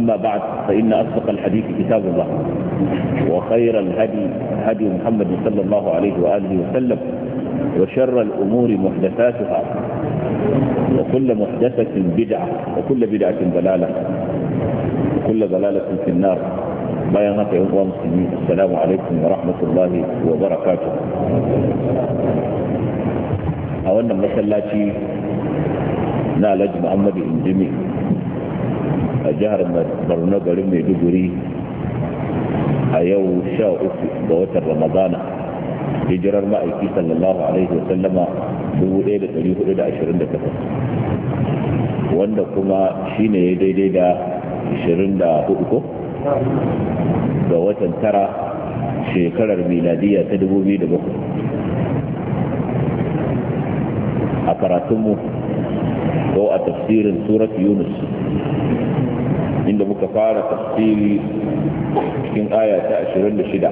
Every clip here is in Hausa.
أما بعد فإن أصدق الحديث كتاب الله وخير الهدي هدي محمد صلى الله عليه وآله وسلم وشر الأمور محدثاتها وكل محدثة بدعة وكل بدعة ضلالة وكل ضلالة في النار ما ينقع المسلمين السلام عليكم ورحمة الله وبركاته أولا مسلاتي نالج محمد جميل a jihar borno garin maiduguri a yau sha uku ga watan ramadana hijirar ma'aiki sallallahu alaihi wa sallama 1428 wanda kuma shine ya daidai da 24 ko ga watan tara shekarar miladiya ta 2007 a karatunmu ko a tafsirin surat yunus inda muka fara tafsiri cikin aya ta 26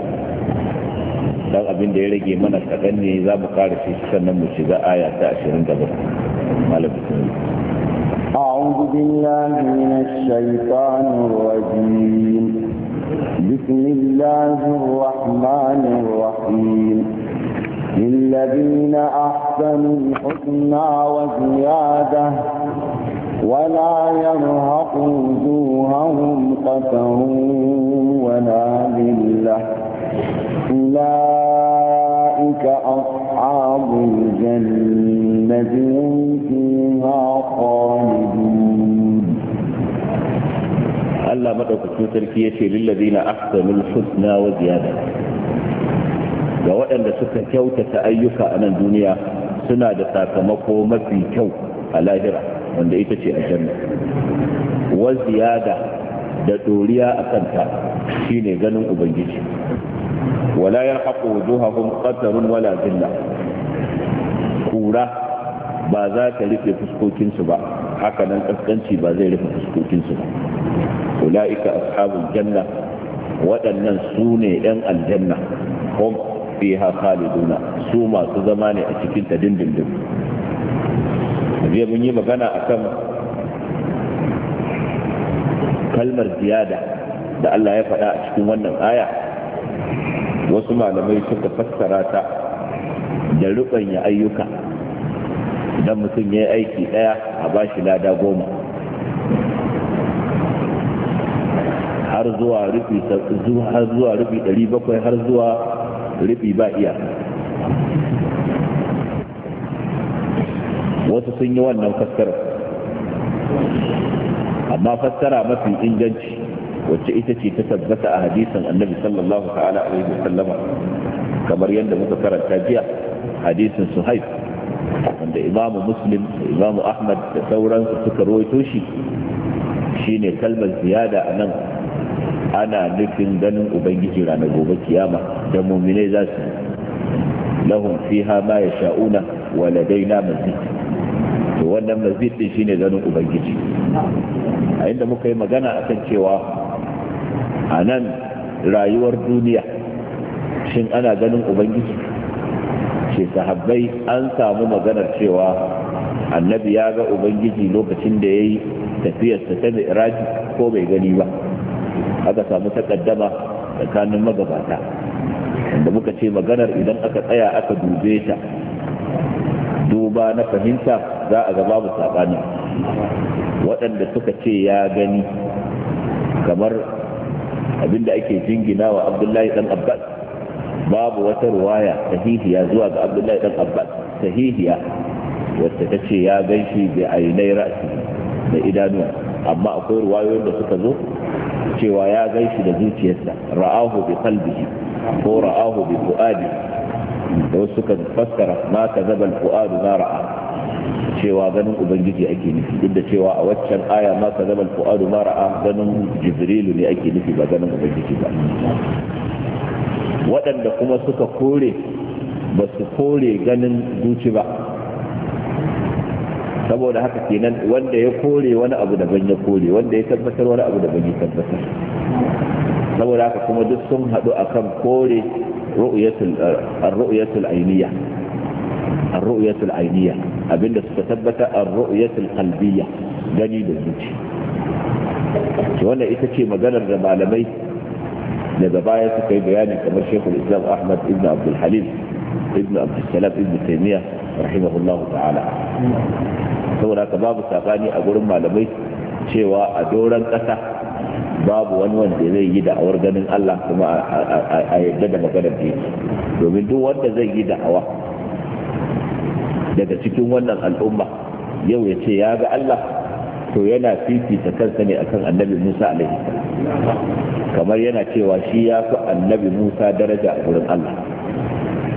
dan abin da ya rage mana kaɗan ne za mu fara shi sannan mu shiga aya ta 27 malam أعوذ بالله من الشيطان الرجيم بسم الله الرحمن الرحيم للذين أحسنوا الحسنى وزيادة ولا يرهق وجوههم قتر ولا ذلة أولئك أصحاب الجنة هم فيها خالدون ألا مدعوك في تركية للذين أحسنوا الحسنى وزيادة وإن سكتوك أيك أمن الدنيا سنادتك مقومة في كوك على هرأة wanda ita ce aljanna wa ziyada da doriya a kanta shine ganin ubangiji wala yarhaqu wujuhahum qatarun wala zilla kura ba za ta rufe fuskokinsu ba haka nan kaskanci ba zai rufe fuskokinsu ba ula'ika ashabul janna waɗannan su ne ɗan aljanna hum fiha khaliduna su masu zama ne a cikin ta dindindin jiya mun yi magana akan kalmar ziyada da Allah ya faɗa a cikin wannan aya wasu malamai suka fassara ta da ruɓanya ayyuka idan mutum ya aiki ɗaya a bashi lada goma har zuwa rufi ɗari 700 har zuwa rufi ba iya wasu sun yi wannan fassara amma fassara mafi inganci wacce ita ce ta tabbata a hadisin annabi sallallahu ta'ala alaihi kamar yadda muka karanta jiya hadisin suhaib wanda imamu muslim imamu ahmad da sauransu suka rawaito shi shine kalmar ziyada a nan ana nufin ganin ubangiji ranar gobe kiyama da muminai za su lahum fiha ma yasha'una wa ladaina wannan mazid din shine ganin ubangiji a inda muka yi magana akan cewa a nan rayuwar duniya shin ana ganin ubangiji ce sahabbai an samu maganar cewa annabi ya ga ubangiji lokacin da ya yi tafiyarsa ta mi'raji ko bai gani ba aka samu takaddama tsakanin magabata da muka ce maganar idan aka tsaya aka dube ta duba na fahimta za a ga babu saɓani waɗanda suka ce ya gani kamar abinda ake jingina wa abdullahi ɗan abbas babu wata ruwaya sahihiya zuwa ga abdullahi dan abbas sahihiya wacce ta ce ya gan shi da ainai ra'asi da idanuwa amma akwai ruwayoyin da suka zo cewa ya gan shi da zuciyarsa ra'ahu bi qalbihi ko ra'ahu bi fu'adi da wasu suka fassara ma ta al-fu'adu na ra'a cewa ganin ubangiji ake nufi duk da cewa a waccan aya ma ka zama fu'adu ma ra'a ganin jibrilu ne ake nufi ba ganin ubangiji ba waɗanda kuma suka kore ba su kore ganin zuci ba saboda haka kenan wanda ya kore wani abu daban ya kore wanda ya tabbatar wani abu daban ya tabbatar saboda haka kuma duk sun haɗu akan kore ru'yatul ainiya ar-ru'yatul ainiya abinda suka tabbata a ruyatul qalbiyya gani da zuci wannan ita ce maganar da malamai daga baya suka yi bayani kamar shekul Islam Ahmad ibn Abdul Halim ibn Abdul Salam ibn Taymiyyah rahimahullahu ta'ala saboda ka babu sabani a gurin malamai cewa a doron ƙasa babu wani wanda zai yi da'awar ganin Allah kuma a yadda da maganar da domin duk wanda zai yi da'awa daga cikin wannan al'umma yau ya ce ya ga Allah to yana ta kansa ne akan annabi Musa alaihi kamar yana cewa shi ya fi annabi Musa daraja a gurin Allah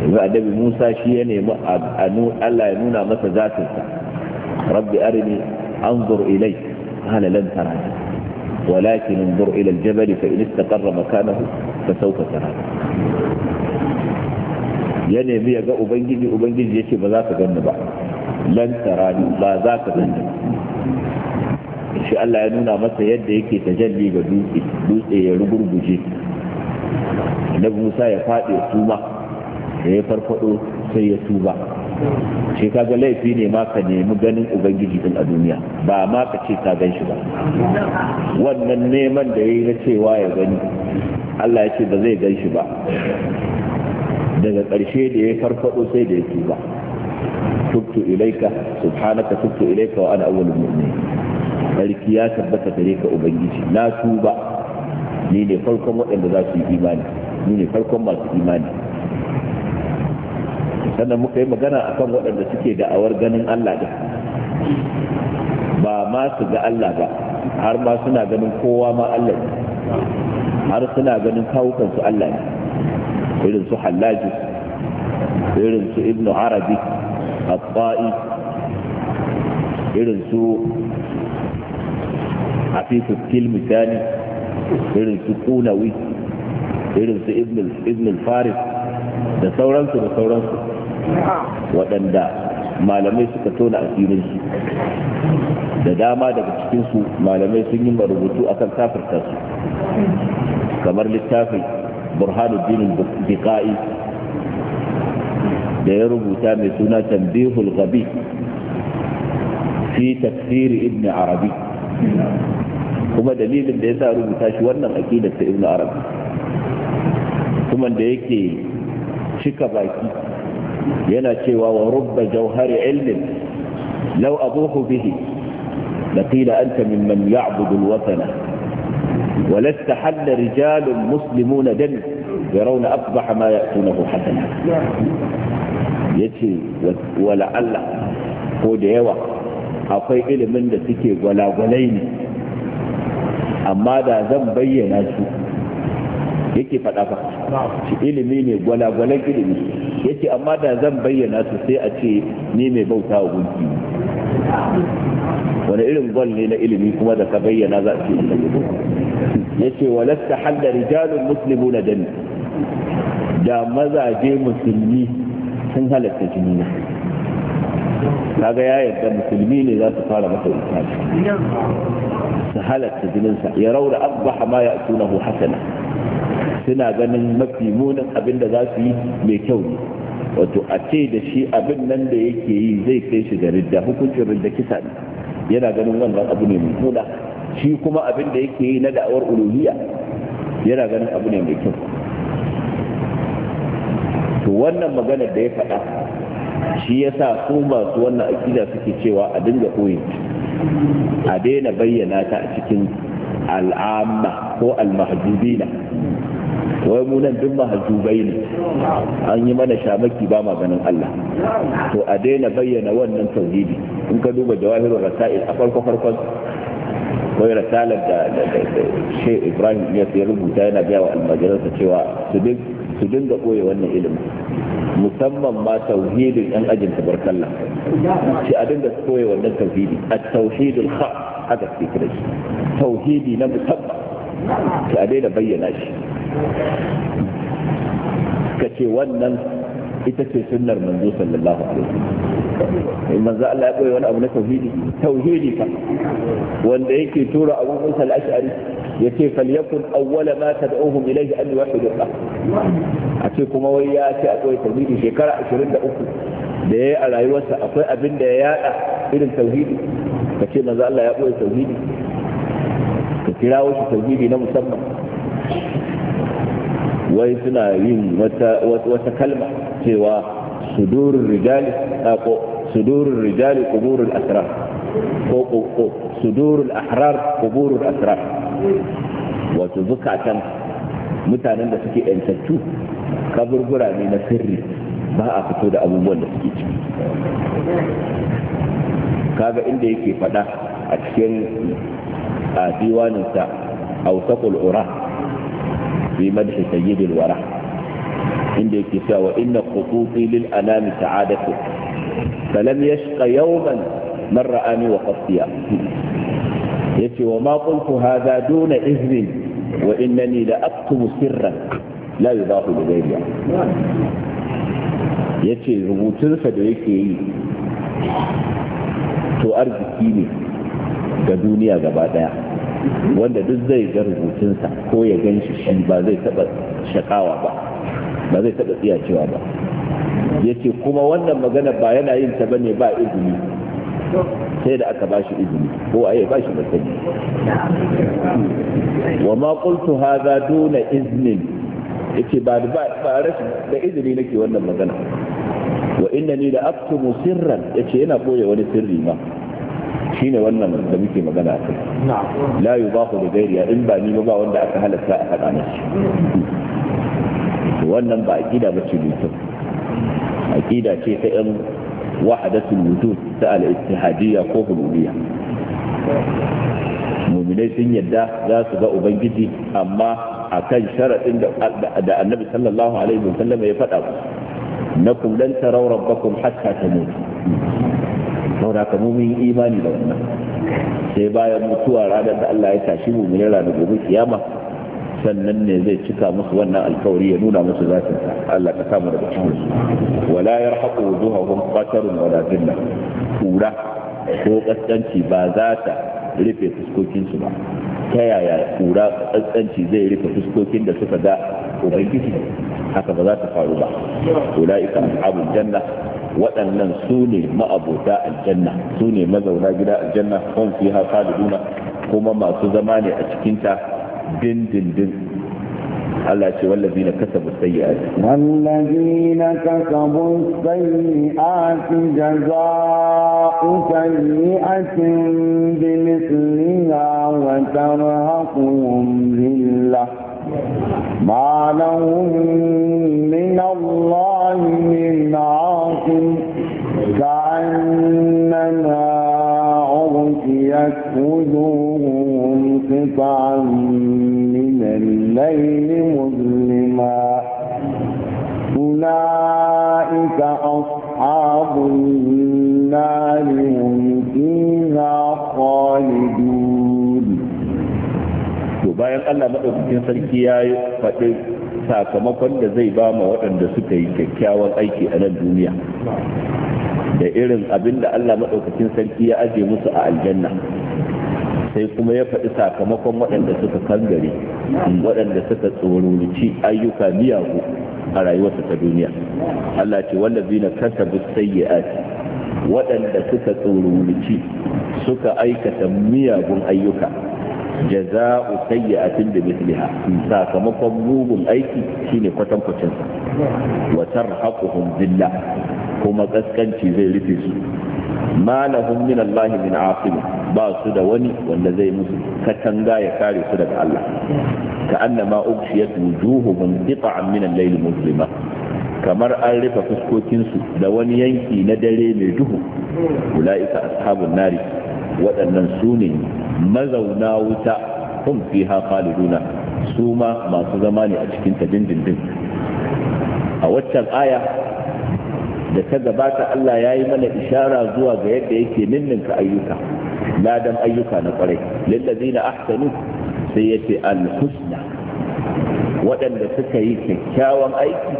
yanzu annabi Musa shi ya nemi anu Allah ya nuna masa zatinsa rabbi arini anzur ilai qala lan tarani ولكن انظر إلى الجبل فإن استقر مكانه فسوف تراني ya nemi ya ga ubangiji ubangiji ya ce ba za ka ganni ba lan tarani ba za ka ganni shi Allah ya nuna masa yadda yake tajalli ga dutse dutse ya rugurguje annabi Musa ya faɗi tuba da ya farfado sai ya tuba shi kaga laifi ne ma ka nemi ganin ubangiji din a duniya ba ma ka ce ka gan ba wannan neman da ya yi na cewa ya gani Allah ya ce ba zai gan shi ba daga ƙarshe da ya farfado sai da ya tuba tubtu ilaika subhanaka tubtu ilaika wa ana awwalul mu'minin sarki ya tabbata gare ka ubangiji na tuba ni ne farkon waɗanda za su yi imani ni ne farkon masu imani sannan muka yi magana akan waɗanda suke da'awar ganin Allah da ba ma su ga Allah ba har ma suna ganin kowa ma Allah ne har suna ganin kawukansu Allah ne irin su hallaji irin su ibnu arabi abba'i irin su afifu kilmitani irin su kunawi irin su ibnu faris da sauransu da sauransu waɗanda malamai suka tona a su da dama daga cikinsu malamai sun yi marubutu akan kafirta su kamar littafin burhanuddin biqa'i da ya rubuta mai suna tambihul gabi fi tafsiri ibn arabi kuma dalilin da ya sa rubuta shi wannan aƙidar ta ibn arabi kuma da yake cika baki yana cewa wa rubba jauhari ilmin lau abuhu bihi لقيل أنت ممن يعبد الوثنة walasta hadda rijalun muslimuna dan yarawna asbaha ma ya'tunahu hasana yace wala Allah ko da yawa akwai ilimin da suke gwalagwalai amma da zan bayyana su yake faɗa ba ilimi ne gwalagwalan ilimi yake amma da zan bayyana su sai a ce ni mai bauta wa gunki wani irin gwal ne na ilimi kuma da ka bayyana za yace walasta hadda rijalun muslimuna dani da mazaje musulmi sun halatta jini na kaga ya yarda musulmi ne za su fara masa wuta su halatta jininsa ya raura abba ma ya tunahu hasana suna ganin mafi munin abin da za su yi mai kyau ne wato a ce da shi abin nan da yake yi zai kai shi da ridda hukuncin ridda kisa yana ganin wannan abu ne mai muna shi kuma abin da yake yi na da'awar uluhiyya yana ganin abu ne mai kyau to wannan magana da ya faɗa shi ya sa su masu wannan akida suke cewa a dinga ɓoye a daina bayyana ta a cikin al'amma ko al-mahjubina wai mu nan duk mahajubai ne an yi mana shamaki ba maganin Allah to a daina bayyana wannan tauhidi in ka duba jawahirul rasail a farko farkon akwai rasalar da shi ibrahim ya ya rubuta yana biya wa almajiransa cewa su dinga koya wannan ilimin musamman ma tauhidin yan ajin barkalla, shi a dinga koya wannan tauhidi a tauhidin ha haka ke kira shi tauhidi na musamman shi a daina bayyana shi ka ce wannan ita ce sunnar manzo sallallahu alaihi wasallam in manzo Allah ya koyi wani abu na tauhidi tauhidi fa wanda yake tura Abu Musa al-Ash'ari yace falyakun awwala ma tad'uhum ilayhi an yuwahhidu Allah a ce kuma wai ya ce a koyi tauhidi shekara 23 da yayi a rayuwarsa akwai abin da ya yada irin tauhidi kace manzo Allah ya koyi tauhidi ka kira shi tauhidi na musamman wai suna yin wata kalma cewa sudurul rijal ko sudurul rijal quburul asrar ko ko sudurul ahrar quburul asrar wato zukatan mutanen da suke yantattu kaburbura ne na sirri ba a fito da abubuwan da suke ciki kaga inda yake fada a cikin a diwaninsa a ura fi madhi sayyidil wara inda yake cewa wa inna khututi lil anami sa'adatu falam yashqa yawman man ra'ani wa qatiya yace wa ma qultu hadha duna iznin wa innani la aktumu sirran la yudahu li ghayri yace rubutunsa da yake yi to arziki ne ga duniya gaba ɗaya wanda duk zai ga rubutunsa ko ya ganshi shi ba zai taba shakawa ba ba zai taɓa cewa ba ya ce kuma wannan magana ba yana yin ta bane ba izini sai da aka bashi izini ko a yi bashi masani wa ma qultu hadha duna iznin ce ba ba rashin da izini nake wannan magana wa innani la aktumu sirran yace yana boye wani sirri ma ne wannan da muke magana kai. la yubahu li ghayri in ba ni ba wanda aka halatta a haɗa shi wannan ba aqida ba ce mutum aqida ce ta yan wahadatul wujud ta al ko hululiyya muminai sun yadda za su ga ubangiji amma a kan sharaɗin da annabi sallallahu alaihi wasallam ya faɗa ku na kullum tarau rabbakum hatta ta mutu saboda ka imani da wannan sai bayan mutuwa ranar da Allah ya tashi muminai ranar gobe kiyama sannan ne zai cika musu wannan alkawari ya nuna musu zatin Allah ka samu daga cikin su wala yarhaqu wujuhahum qatarun wala dhillah kura ko kaskanci ba za ta rufe fuskokin su ba ta yaya kura kaskanci zai rufe fuskokin da suka ga ubangiji haka ba za ta faru ba ulaika ashabul janna waɗannan su ne ma'abota aljanna su ne mazauna gida aljanna hum fiha khaliduna kuma masu zama ne a cikinta دندندن الله يقول والذين كسبوا السيئات والذين كسبوا السيئات جزاء سيئة بمثلها وترهقهم ذلة ما لهم من الله من عاصم كأنما أغشيت وجوههم قطعا من الليل مظلما أولئك أصحاب النار هم فيها خالدون to bayan Allah maɗaukakin sarki ya yi faɗi sakamakon da zai ba ma waɗanda suka yi kyakkyawan aiki a nan duniya da irin abin da Allah maɗaukakin sarki ya aje musu a aljanna sai kuma ya faɗi sakamakon waɗanda suka kangare waɗanda suka tsoronci ayyuka miyagu a rayuwarsa ta duniya Allah ce wallazina kasabu sayyi'ati waɗanda suka tsoronci suka aikata miyagun ayyuka jaza'u sayyi'atin da misliha sakamakon mugun aiki shine kwatankwacin sa wa tarhaquhum billah kuma kaskanci zai rufe su ma lahum min Allah min ba su da wani wanda zai musu katanga ya kare su daga Allah ka annama ubshiyat wujuhuhum qita'an min al-layl muslima kamar an rufe fuskokinsu da wani yanki na dare mai duhu ula'ika ashabun nari waɗannan su ne mazauna wuta hum fiha khaliduna su ma masu zama ne a cikin ta dindindin a waccan aya da ta gabata Allah ya yi mana ishara zuwa ga yadda yake ninninka ayyuka ladan ayyuka na kwarai lillazina ahsanu sai yace al-husna waɗanda suka yi kyakkyawan aiki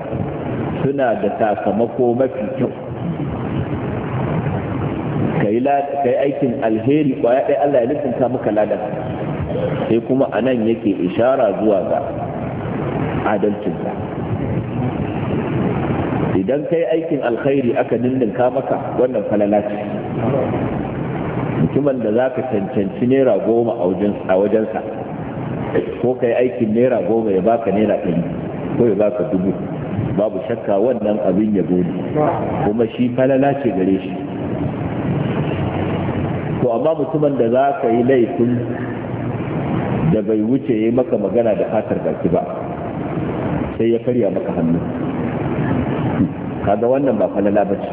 suna da sakamako mafi kyau kai aikin alheri kwaya ɗaya Allah ya lissinta maka ladan sai kuma anan yake ishara zuwa ga adalcin idan kai aikin alkhairi aka dindinka maka wannan falala ce mutumin da za ka cancanci naira goma a wajensa ko kai aikin naira goma ya baka naira ɗari ko ya baka dubu babu shakka wannan abin ya gode kuma shi falala ce gare shi to amma mutumin da za ka yi laifin da bai wuce ya yi maka magana da fatar baki ba sai ya karya maka hannu kaga wannan ba falala ba ce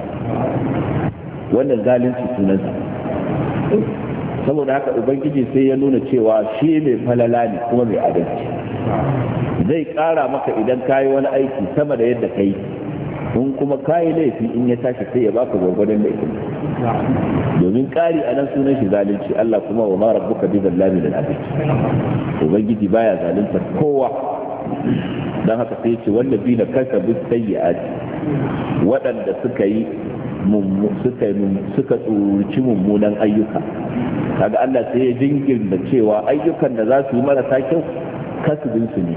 wannan zalunci sunansa saboda haka ubangiji sai ya nuna cewa shi mai falala ne kuma mai adalci zai kara maka idan ka yi wani aiki sama da yadda ka yi in kuma ka yi laifi in ya tashi sai ya baka gwargwadon laifin domin kari a nan sunan shi zalunci Allah kuma wa mara buka bi zallami da abinci ubangiji baya zalunta kowa don haka sai ce wanda bi na kasa bi sayyi'ati waɗanda suka yi suka tsoroci mummunan ayyuka kaga Allah sai ya da cewa ayyukan da za su yi marasa kyau kasubin su ne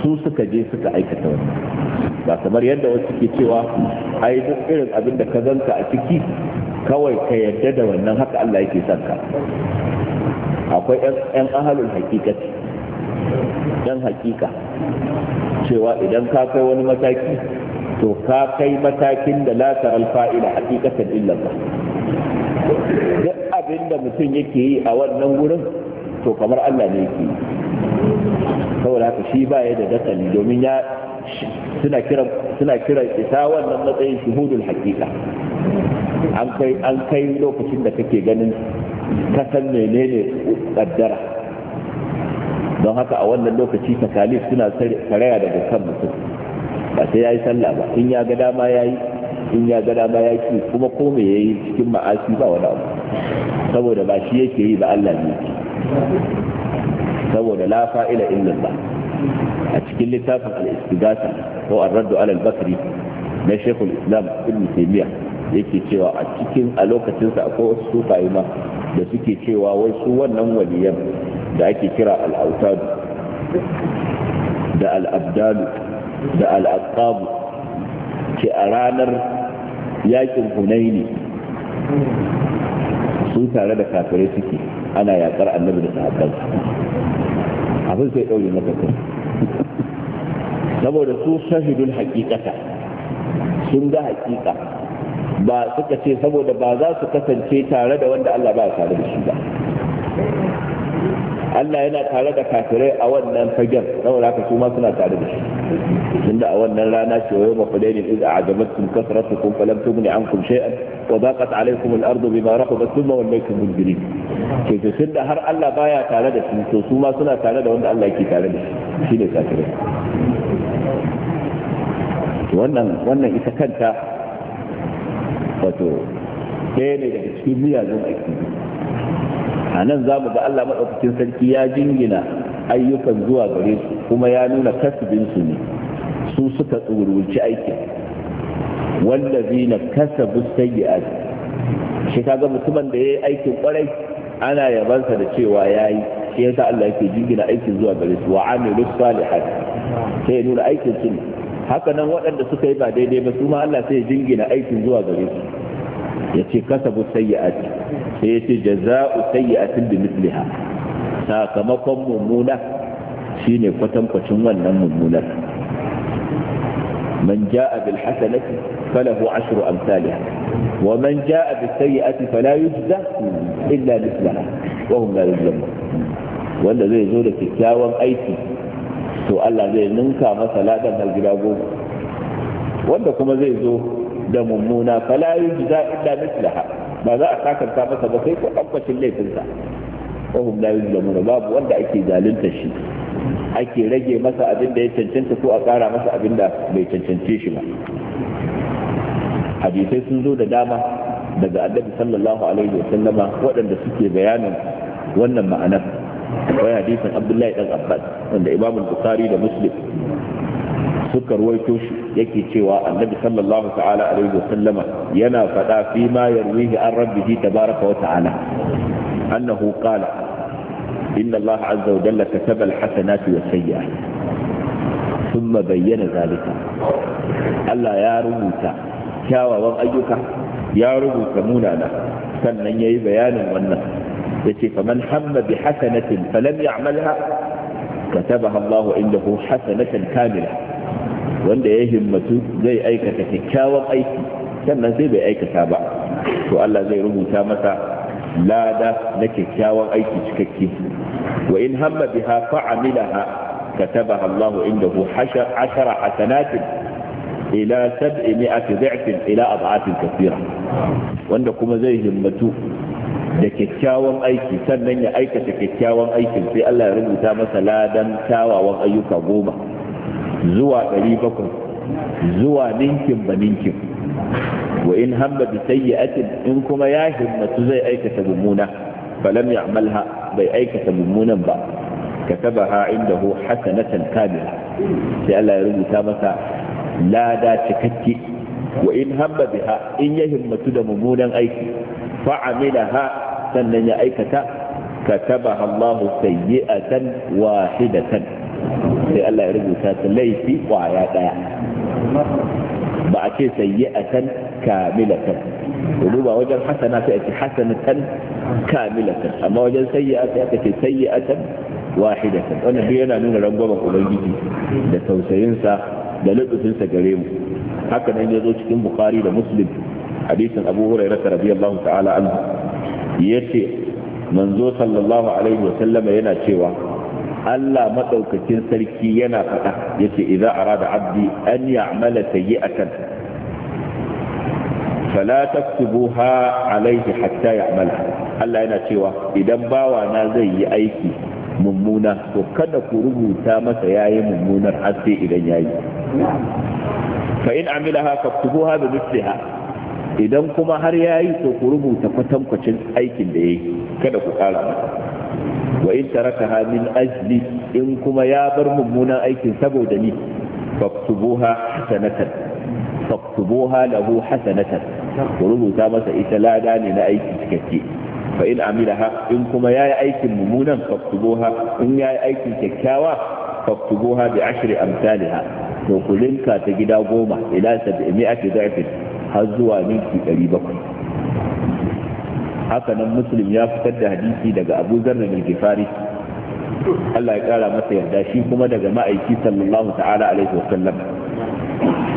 su suka je suka aikata wannan ba kamar yadda wasu ke cewa ai duk irin abin da ka zanka a ciki kawai ka yadda da wannan haka Allah yake sanka akwai 'yan ahalul hakikati dan hakika cewa idan ka kai wani mataki to ka kai matakin da la taral fa'ila hakikatan illa ba duk abin da mutum yake yi a wannan gurin to kamar Allah ne yake yi saboda haka shi baya da dakali domin ya suna kiran suna isa wannan matsayin shuhudul hakika an kai lokacin da kake ganin kasan menene kaddara don haka a wannan lokaci takalif suna karaya daga kan mutum ba sai ya yi sallah ba in ya ga dama ya yi in ya ga dama ya kuma ko me ya yi cikin ma'asi ba wani abu saboda ba shi yake yi ba Allah ne saboda la fa'ila ba a cikin littafin al istigasa ko ar-raddu ala al-bakri na shekul islam ibn taymiya yake cewa a cikin a lokacin sa akwai wasu sufayi ma da suke cewa wai su wannan waliyan da ake kira al'autadu da al'abdalu da al'aqabu ke a ranar yakin hunaini Sun tare da kafirai suke ana yakar annabi da sahabban abin sai ɗauye na kai saboda su shahidul hakikata, sun ga hakika, ba suka ce saboda ba za su kasance tare da wanda Allah ba tare da shi ba Allah yana tare da kafirai a wannan fagen saboda haka su ma suna tare da shi tunda a wannan rana ce wa yawma hudainin iz a'jabatkum kasratukum falam tughni ankum shay'an wa daqat alaykum al-ardu bima rahabat thumma wallaytum mudbirin ke to tunda har Allah baya tare da su to su ma suna tare da wanda Allah yake tare da shi shine kafirai wannan wannan ita kanta wato ɗaya ne daga cikin miyagun aiki a nan za mu ga Allah maɗaukakin sarki ya jingina ayyukan zuwa gare su kuma ya nuna su ne su suka tsururci aikin wallazi na kasabu sayyi'at shi kaga mutumin da ya yi aikin kwarai ana yabansa da cewa ya yi shi yasa Allah yake jingina aikin zuwa gare su wa amilu salihat sai ya nuna aikin su haka nan waɗanda suka yi ba daidai ba su ma Allah sai ya jingina aikin zuwa gare su يتي كسبوا سيئات يتي جزاء سيئات بمثلها ساكمكم ممونة سيني فتم قتموان نم ممونة من جاء بالحسنة فله عشر أمثالها ومن جاء بالسيئة فلا يجزى إلا مثلها وهم لا يجزم وأن ذي زولة كتاوة أيتي سؤال الله ذي ننكى مثلا دم الجلاغون كما ذي زولة da mummuna fala yujza illa mislaha ba za a sakanta masa ba sai ko tabbacin laifinsa Ko hum la yuzlamuna babu wanda ake zalunta shi ake rage masa abin da ya cancanta ko a ƙara masa abin da bai cancance shi ba hadisai sun zo da dama daga annabi sallallahu alaihi wa sallama waɗanda suke bayanin wannan ma'anar wai hadisin abdullahi dan abbas wanda imamul bukhari da muslim suka ruwaito shi yake cewa annabi sallallahu ta'ala alaihi wasallama yana faɗa fi ma yarwihi an rabbihi tabaraka wa ta'ala annahu qala inna Allah azza wa jalla kataba al wa sayyi'ati thumma bayyana zalika Allah ya rubuta kyawawan ayyuka ya rubuta munana sannan yayi bayanin wannan yace faman hamma bi hasanatin falam ya'malha كتبها الله عنده hasanatan كاملة wanda ya himmatu zai aikata kyakkyawan aiki sannan sai bai aikata ba to Allah zai rubuta masa lada na kyakkyawan aiki cikakke wa in hamma biha fa'amilaha katabaha Allah indahu ashara hasanatin ila sab'i mi'ati dhi'fin ila ad'afin kathira wanda kuma zai himmatu da kyakkyawan aiki sannan ya aikata kyakkyawan aikin sai Allah ya rubuta masa ladan kyawawan ayyuka goma zuwa ɗari bakwai zuwa ninkin ba ninkin wa in hamma bi sayyi'atin in kuma ya himmatu zai aikata mummuna falam ya'malha bai aikata mummunan ba katabaha indahu hasanatan kamila sai Allah ya rubuta masa lada cikakke wa in hamma biha in ya himmatu da mummunan aiki fa fa'amilaha sannan ya aikata katabaha Allah sayyi'atan wahidatan sai Allah ya rubuta ta laifi kwaya daya ba a ce sayyi'atan kamilatan to ba wajen hasana sai a ce hasanatan kamilatan amma wajen a sai aka a sayyi'atan wahidatan wannan duk yana nuna rangwamen ubangiji da tausayinsa da lubutunsa gare mu haka nan ya zo cikin bukari da muslim hadisin abu hurairah radiyallahu ta'ala anhu yace manzo sallallahu alaihi wa sallama yana cewa Allah madaukakin sarki yana faɗa yace idza arada abdi an ya'mala sayyi'atan fala ha alayhi hatta ya'mala Allah yana cewa idan bawa na zai yi aiki mummuna to kada ku rubuta masa yayi mummunar har sai idan yayi fa in amilaha faktubuha bi ha? idan kuma har yayi to ku rubuta kwatankwacin aikin da yayi kada ku kara masa wa in tarakaha min ajli in kuma ya bar mummunan aikin saboda ni faktubuha hasanatan faktubuha lahu hasanatan ku rubuta masa ita lada ne na aiki cikakke fa in ha in kuma ya yi aikin mummunan faktubuha in ya yi aikin kyakkyawa faktubuha bi ashri amsalha to ku linka ta gida goma ila 700 da'fin har zuwa ninki 700 haka nan muslim ya fitar da hadisi daga abu zarra mai gifari Allah ya kara masa yarda shi kuma daga ma'aiki sallallahu ta'ala alaihi wasallam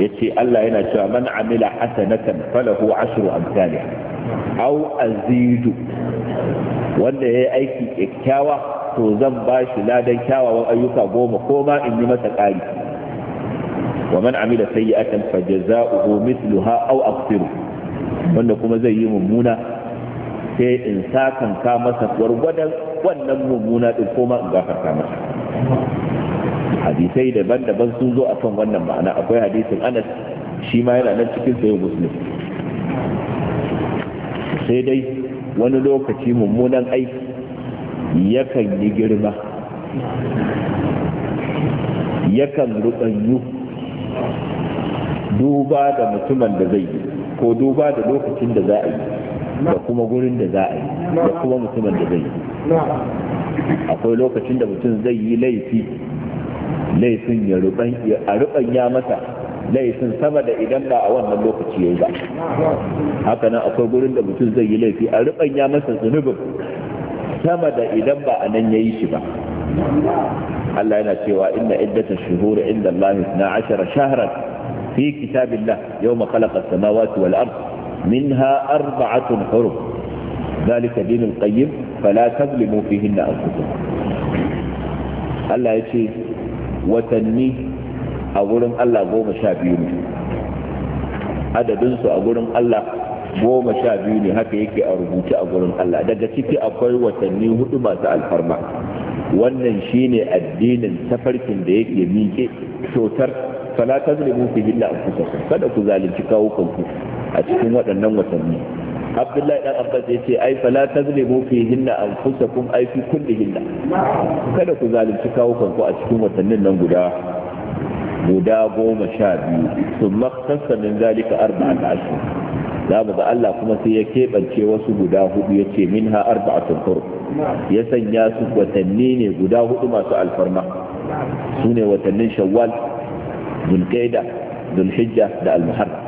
ya ce Allah yana cewa man amila hasanatan falahu ashru amsalih au azidu wanda ya yi aiki kyakkyawa to zan ba shi ladan kyawawan ayyuka goma ko ma in yi masa ƙari wa man amila sayyi'atan fajaza'uhu mithluha aw aqsiru wanda kuma zai yi mummuna sai in sakanka masa gwargwadon wannan mummuna din koma in gafarta masa hadisai daban-daban sun zo a kan wannan ma'ana akwai hadisin anas shi ma yana nan cikin sayo muslim sai dai wani lokaci mummunan aiki yakan yi girma yakan yu duba da mutumin da zai yi ko duba da lokacin da za a yi da kuma gurin da za a yi da kuma mutumin da zai yi akwai lokacin da mutum zai yi laifi laifin ya ya masa laifin sama da idan ba a wannan lokaci ya yi ba haka nan akwai gurin da mutum zai yi laifi a ya masa zunubin sama da idan ba a nan ya yi shi ba Allah yana cewa inna iddata shuhur inda Allah 12 shahran fi kitabillah yawma khalaqa as-samawati wal ardh منها أربعة حرم ذلك دين القيم فلا تظلموا فيهن أنفسكم الله يتي وتنمي أقولهم الله قوم شابيون adadinsu a gurin Allah goma sha biyu ne haka yake a rubuce a gurin Allah daga ciki akwai watanni hudu masu alfarma wannan shine addinin tafarkin da yake miƙe cutar fala tazlimu fi illa anfusakum kada ku zalunci ku. a cikin waɗannan watanni abdullahi dan abbas yace ai fala tazlimu fi hinna anfusakum ai fi kulli hinna kada ku zalunci kawukan ku a cikin watannin nan guda guda goma sha biyu sun makasa min zalika arba'at ashhur za mu ga Allah kuma sai ya keɓance wasu guda hudu ya ce min ha arba'atun hur ya sanya su watanni ne guda hudu masu alfarma su ne watannin shawwal zulqaida zulhijja da almuharram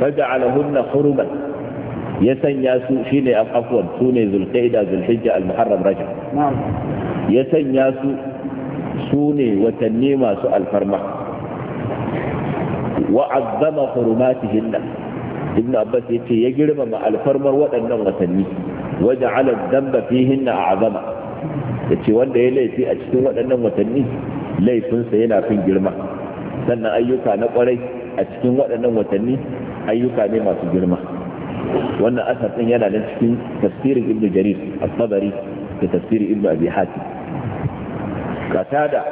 faja'alahunna huruman ya sanya su shine afwan su ne zulqaida zulhijja al-muharram rajab ya sanya su su watanni masu alfarma wa azzama hurumatihinna ibn abbas yace ya girmama alfarmar waɗannan watanni waja'ala hinna fihinna a'zama yace wanda ya laifi a cikin waɗannan watanni laifinsa yana fin girma sannan ayyuka na kwarai a cikin waɗannan watanni ayyuka ne masu girma wannan asar ɗin yana nan cikin tafsirin ibnu jarir al-tabari da tafsirin ibnu abi hatim katada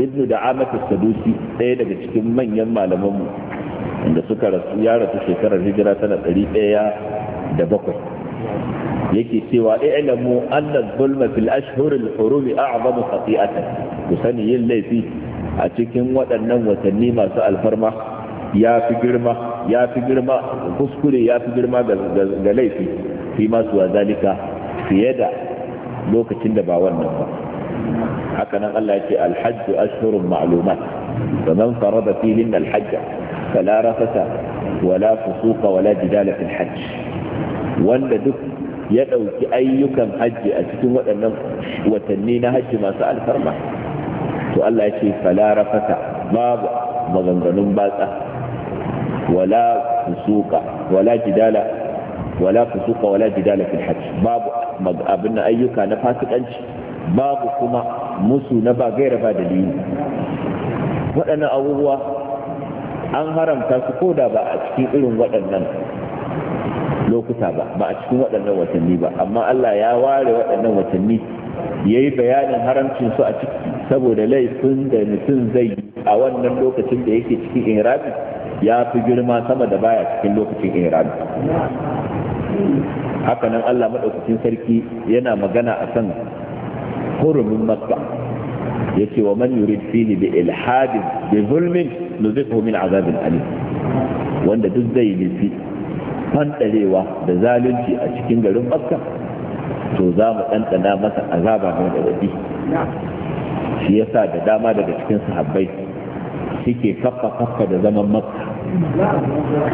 ibnu da'amat as-sadusi ɗaya daga cikin manyan malamanmu inda suka rasu ya rasu shekarar hijira sana' ɗari daya da bakwai yake cewa i'lamu anna adh-dhulma fil ashhur al-hurum a'zamu khati'atan ku yin laifi a cikin waɗannan watanni masu alfarma ya fi girma ya fi girma kuskure ya fi girma ga laifi fi masu wa fiye da lokacin da ba wannan ba haka nan Allah ya ce alhajju ashhurun ma'lumat faman filin fihin alhajja fala rafata wala fusuqa wala jidala fil hajj wanda duk ya ɗauki ayyukan hajji a cikin waɗannan watanni na hajji masu alfarma to Allah ya ce fala rafata babu maganganun batsa wala fusuka wala jidala wala fusuka wala jidala fil hajj babu abin ayyuka na fasikanci babu kuma musu na ba gaira ba dalili waɗannan abubuwa an haramta su ko da ba a cikin irin waɗannan lokuta ba ba a cikin waɗannan watanni ba amma Allah ya ware waɗannan watanni ya yi bayanin haramcin su a ciki saboda laifin da mutum zai yi a wannan lokacin da yake cikin irabi ya fi girma sama da baya cikin lokacin irabi haka nan Allah maɗaukacin sarki yana magana a kan hurumin makka ya ce wa man yurid fihi bi ilhadin bi zulmin min azabin ali wanda duk zai nufi fanɗarewa da zalunci a cikin garin makka to za mu ɗanɗana masa azaba mai da shi yasa da dama daga cikin sahabbai suke kafa kafa da zaman makka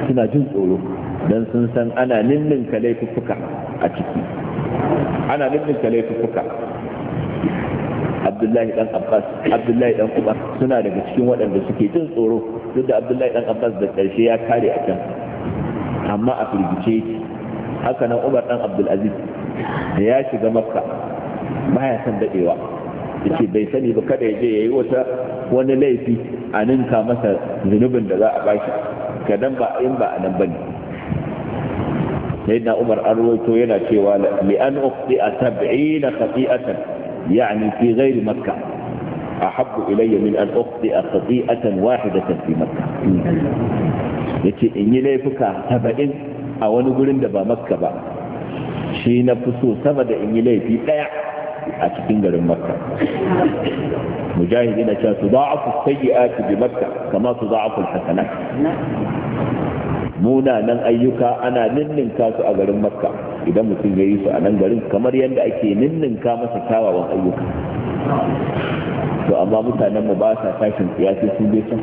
suna jin tsoro don sun san ana ninninka laifuka a ciki ana ninninka laifuka. abdullahi dan abbas abdullahi dan umar suna daga cikin waɗanda suke jin tsoro duk da abdullahi dan abbas da ƙarshe ya kare a can amma a firgice haka nan umar dan abdulaziz da ya shiga makka baya son daɗewa yace bai sani ba kada ya je yayi wata wani laifi a ninka masa zunubin da za a bashi kadan ba in ba anan bane sayyidina Umar arwato yana cewa li an uqti 70 khati'atan yani fi ghairi makkah ahabbu ilayya min an uqti khati'atan wahidatan fi makkah yace in yi laifuka 70 a wani gurin da ba makka ba shi na fi so sama da in yi laifi daya a cikin garin makka mujahid yana cewa su za'afu sayyi'ati bi makka kama su za'afu hasanat munanan ayyuka ana ninninka su a garin makka idan mutum ya yi su a nan garin kamar yadda ake ninninka masa kyawawan ayyuka to amma mutanen mu ba sa tashin kiyasi sun je can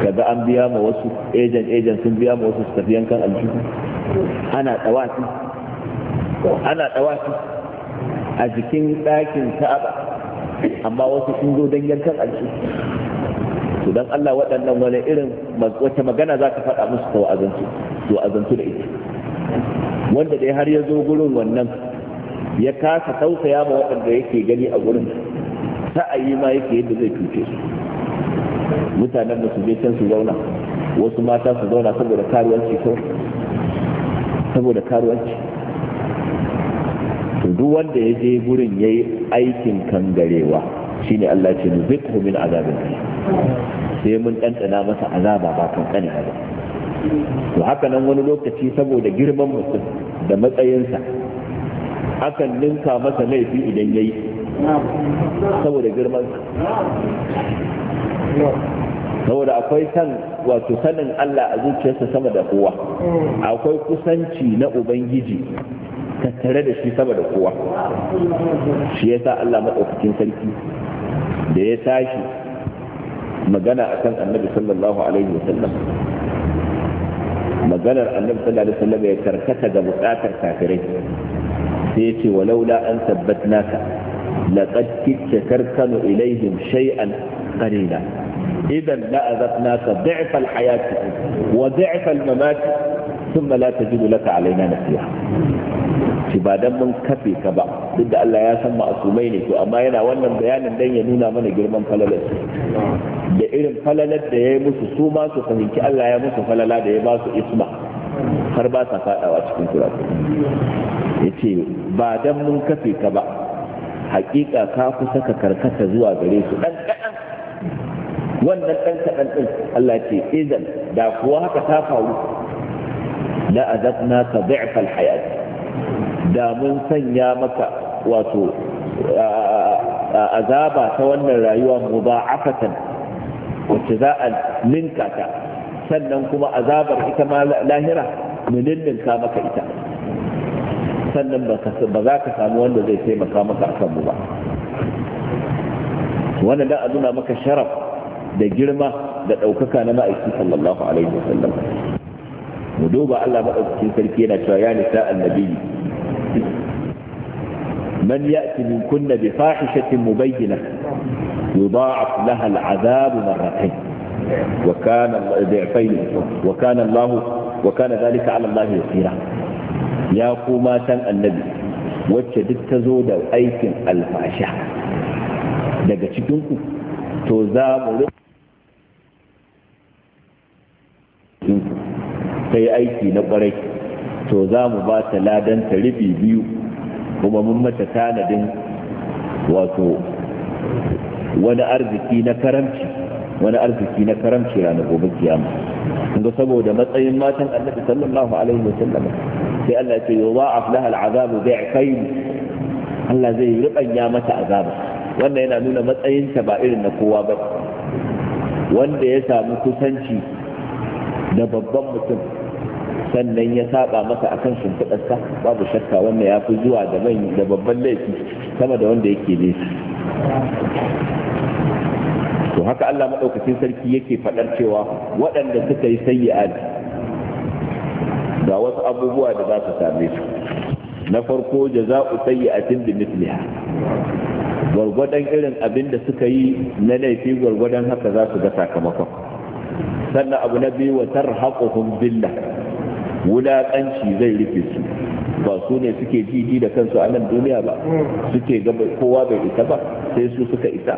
kaga an biya ma wasu ejen ejen sun biya ma wasu su tafi yankan aljihu ana dawaki ana dawaki a jikin ɗakin ka'aba amma wasu sun zo don yankan alci to dan Allah waɗannan wani irin wacce magana za ka faɗa musu ta wa'azantu to azantu da ita wanda dai har ya zo gurin wannan ya kasa tausaya ma waɗanda yake gani a gurin sa'ayi ma yake yadda zai cuce su mutanen su je can su zauna wasu mata su zauna saboda karuwanci kawai saboda karuwanci to duk wanda ya je gurin ya yi aikin kangarewa shine Allah ce mu zikhu min azabin sai mun ɗanɗana masa azaba ba kan kane ba to haka nan wani lokaci saboda girman mutum da matsayinsa akan ninka masa laifi idan ya yi saboda girman saboda akwai san wato sanin Allah a zuciyarsa sama da kowa akwai kusanci na ubangiji tattare da shi saboda kowa shi ya yasa Allah madaukakin sarki da ya tashi magana akan annabi sallallahu alaihi wa sallam maganar annabi sallallahu alaihi wa sallam ya karkata ga bukatar kafirai sai ya ce walaula an sabbatnaka laqad kitta tarkanu ilaihim shay'an qalila idan la ka dha'f al-hayati wa dha'f al-mamati ثم لا تجد لك علينا نصيحه shi ba dan mun kafe ka ba duk da Allah ya san ma'asumai ne to amma yana wannan bayanin dan ya nuna mana girman falalar da irin falalar da ya yi musu su ma su fahimci Allah ya musu falala da ya ba su isma har ba sa fadawa cikin kurakuri ya ce ba dan mun kafe ka ba hakika ka kusa saka karkata zuwa gare su dan wannan dan kaɗan ɗin Allah ce idan da kuwa haka ta faru la azabna ka bi'fa al-hayat da mun sanya maka wato azaba ta wannan rayuwa afatan wacce za a ninka ta sannan kuma azabar ita ma lahira mu ninninka maka ita sannan ba za ka samu wanda zai taimaka maka akan mu ba wannan da a nuna maka sharaf da girma da ɗaukaka na ma'aiki sallallahu alaihi wasallam mu duba Allah maɗaukakin sarki yana cewa ya nisa annabi من يأتي منكن بفاحشة مبينة يضاعف لها العذاب مرتين وكان ضعفين وكان الله وكان ذلك على الله يسيرا يا قوماتا النبي wacce duk ta zo da aikin alfasha daga cikinku to za mu ta yi aiki na kwarai to za mu ba ta ladan ta ribi biyu kuma mun mata tanadin wato wani arziki na karamci wani arziki na karamci ranar gobe kiyama kun saboda matsayin matan annabi sallallahu alaihi wa sallam sai Allah ce yuwa aflaha al'azabu yi. Allah zai rubanya mata azaba wannan yana nuna matsayin ta ba irin na kowa ba wanda ya samu kusanci da babban mutum sannan ya saba masa akan shimfiɗarsa babu shakka wanda ya fi zuwa da babban laifi sama da wanda yake nesa to haka Allah maɗaukacin sarki yake faɗar cewa waɗanda suka yi sayyi'at ga wasu abubuwa da za su same su na farko jaza'u sayyi'atin bi misliha gwargwadon irin abin da suka yi na laifi gwargwadon haka za su ga sakamakon sannan abu na biyu wa tarhaquhum billah wulaƙanci zai rufe su ba su ne suke jiji da kansu a nan duniya ba suke gaba kowa bai isa ba sai su suka isa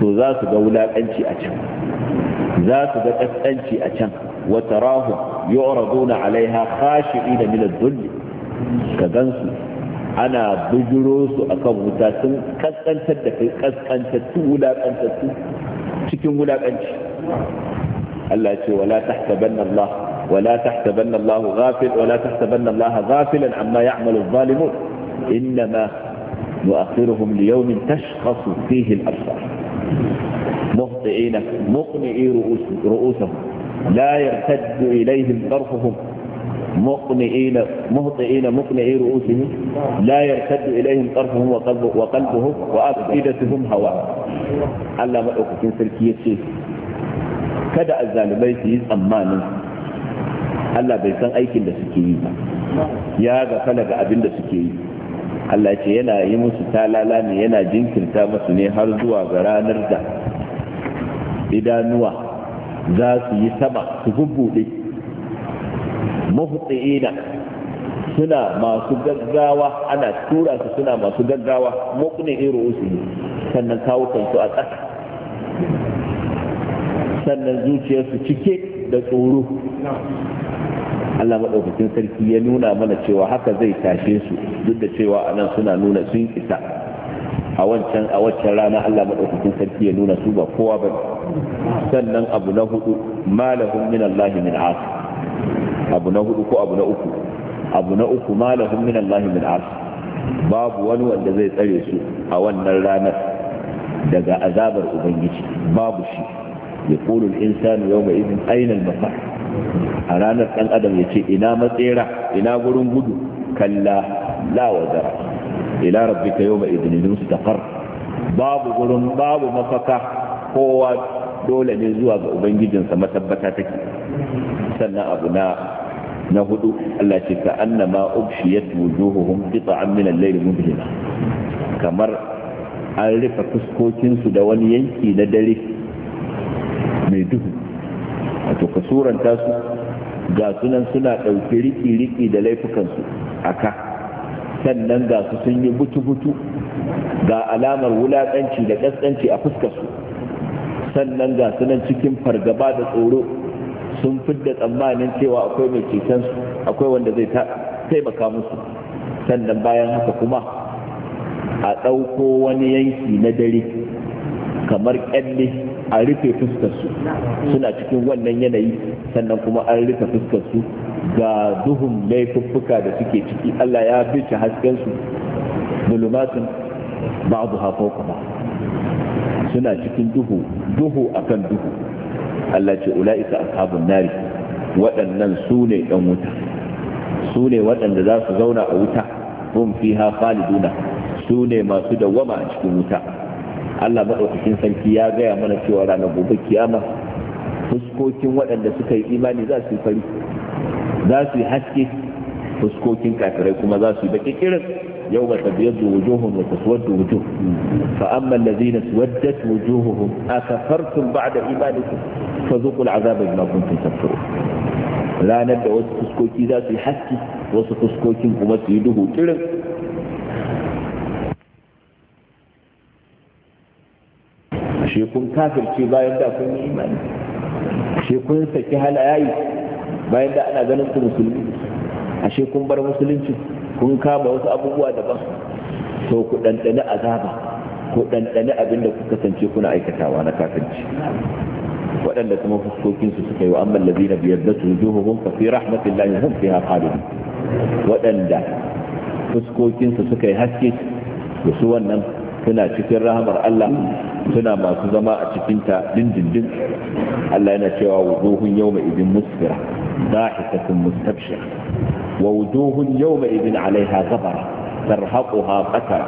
to za su ga wulaƙanci a can za su ga ƙasƙanci a can wa tarahu yu'raduna alaiha khashi'ina min adh-dhull ka gansu ana bujuro su akan wuta sun kaskantar da kai kaskantattu su cikin wulaƙanci Allah ce wala tahtabanna Allah ولا تحسبن الله غافل ولا تحسبن الله غافلا عما يعمل الظالمون إنما نؤخرهم ليوم تشخص فيه الأبصار مهطئين مقنئي رؤوس رؤوسهم لا يرتد إليهم طرفهم مقنئين مهطئين مقنئي رؤوسهم لا يرتد إليهم طرفهم وقلبهم وأفئدتهم هواء الله ما أكتن سلكية شيء كدأ الظالمين في أمانهم Allah bai san aikin da suke yi ba ya gafala ga abin da suke yi Allah ce yana yi musu talala ne yana jinkirta musu ne har zuwa ga ranar da idanuwa za su yi sama su bubbuɗe mahutsina suna masu gaggawa ana tura su suna masu gaggawa mukne iro su sannan kawo kansu a tsaka sannan zuciyarsu cike da tsoro Allah madaukakin sarki ya nuna mana cewa haka zai tashe su duk da cewa a nan suna nuna sun isa a wancan a waccan rana Allah madaukakin sarki ya nuna su ba kowa ba sannan abu na hudu malahum min Allah min as abu na hudu ko abu na uku abu na uku malahum min Allah min as babu wani wanda zai tsare su a wannan ranar daga azabar ubangiji babu shi يقول الإنسان يومئذ أين المفر a ranar ɗan adam ya ce ina matsera ina gurin gudu kalla la wazara ila rabbika yawma idhin mustaqar babu gurin babu mafaka kowa dole ne zuwa ga ubangijinsa matabbata take sannan abu na na hudu Allah ce ka annama ubshiyat wujuhuhum qita'an min al-layl mudhima kamar an rufe fuskokin su da wani yanki na dare mai duhu to ka suranta su ga sunan suna ɗauki riki-riki da laifukansu a ka sannan ga su sun yi butu-butu ga alamar wulaƙanci da ƙasƙanci a fuskarsu sannan ga sunan cikin fargaba da tsoro sun fidda tsammanin cewa akwai mai cetonsu akwai wanda zai taimaka musu sannan bayan haka kuma a ɗauko wani yanki na dare kamar ƙyalle a rufe fuskarsu suna cikin wannan yanayi sannan kuma an rufe fuskarsu ga duhun laifuffuka da suke ciki Allah ya bice haskensu bulumatun babu hafo kuma suna cikin duhu duhu akan duhu Allah ce ula'ika ashabun nari waɗannan su ne ɗan wuta su ne waɗanda za su zauna a wuta hum fiha khaliduna su ne masu dawwama a cikin wuta Allah maɗaukakin sarki ya gaya mana cewa ranar gobe kiyama fuskokin waɗanda suka yi imani za su yi fari za su yi haske fuskokin kafirai kuma za su yi baki kirin yau ba tabbiyar wujuhun wa taswaddu wujuh fa amma allazina tawaddat wujuhuhum akafartum ba'da imanikum fazuqu al'azaba bima kuntum tafkurun ranar da wasu fuskoki za su yi haske wasu fuskokin kuma su yi duhu kirin shi kun kafirce bayan da kun yi imani shi kun saki halayayi bayan da ana ganin ku musulmi ashe kun bar musulunci kun kama wasu abubuwa daban to ku ɗanɗani azaba ku ɗanɗani abin da kuka kasance kuna aikatawa na kafirci waɗanda kuma fuskokinsu suka yi wa amma lazina biyar da su juhuhun fa fi rahmatillahi hum fiha khalidun waɗanda fuskokinsu suka yi haske da su wannan suna cikin rahamar Allah suna masu zama a cikinta dindindin Allah yana cewa wuduhun yawma idin musfira dahikatun mustabshir wa wuduhun yawma idin alaiha zabara tarhaquha ita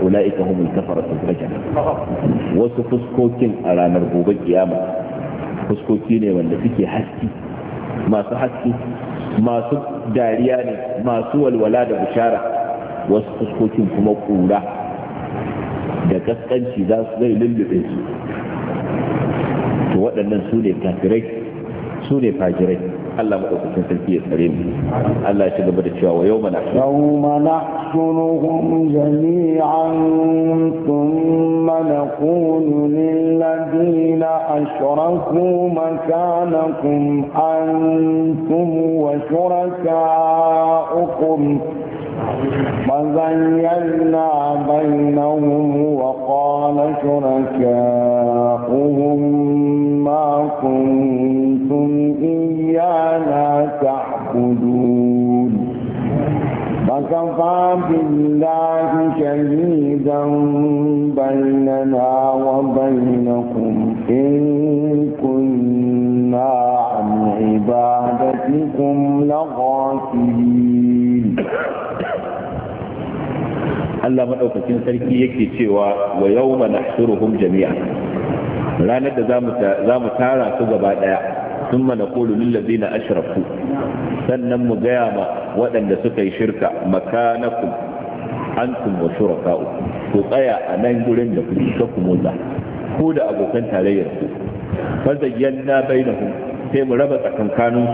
ulaika humul kafaratu fajara wasu fuskokin a ranar gobe kiyama fuskoki ne wanda suke haski masu haski masu dariya ne masu walwala da bishara wasu fuskokin kuma ƙura. da kaskanci za su zai lullube su to waɗannan su ne kafirai su ne fajirai Allah maɗaukakin sarki ya tsare mu Allah ya ci gaba da cewa wa yau mana shi. yau mana sunuhum jami'an thumma naqulu lil ladina ashraku makanakum antum wa shuraka'ukum وزينا بينهم وقال شركاؤهم ما كنتم إيانا تعبدون فكفى بالله شهيدا بيننا وبينكم إن كنا عن عبادتكم لغافلين Allah maɗaukakin sarki yake cewa wa yau mana nahshuruhum jami'a ranar da za mu tara su gaba ɗaya, sun mana kulu lillazina ashraku sannan mu gaya ma waɗanda suka yi shirka An antum wa shuraka'u ku tsaya a nan gurin da kuke ka ku motsa ko da abokan tarayyar ku fa zayyana ku. sai mu raba tsakankanin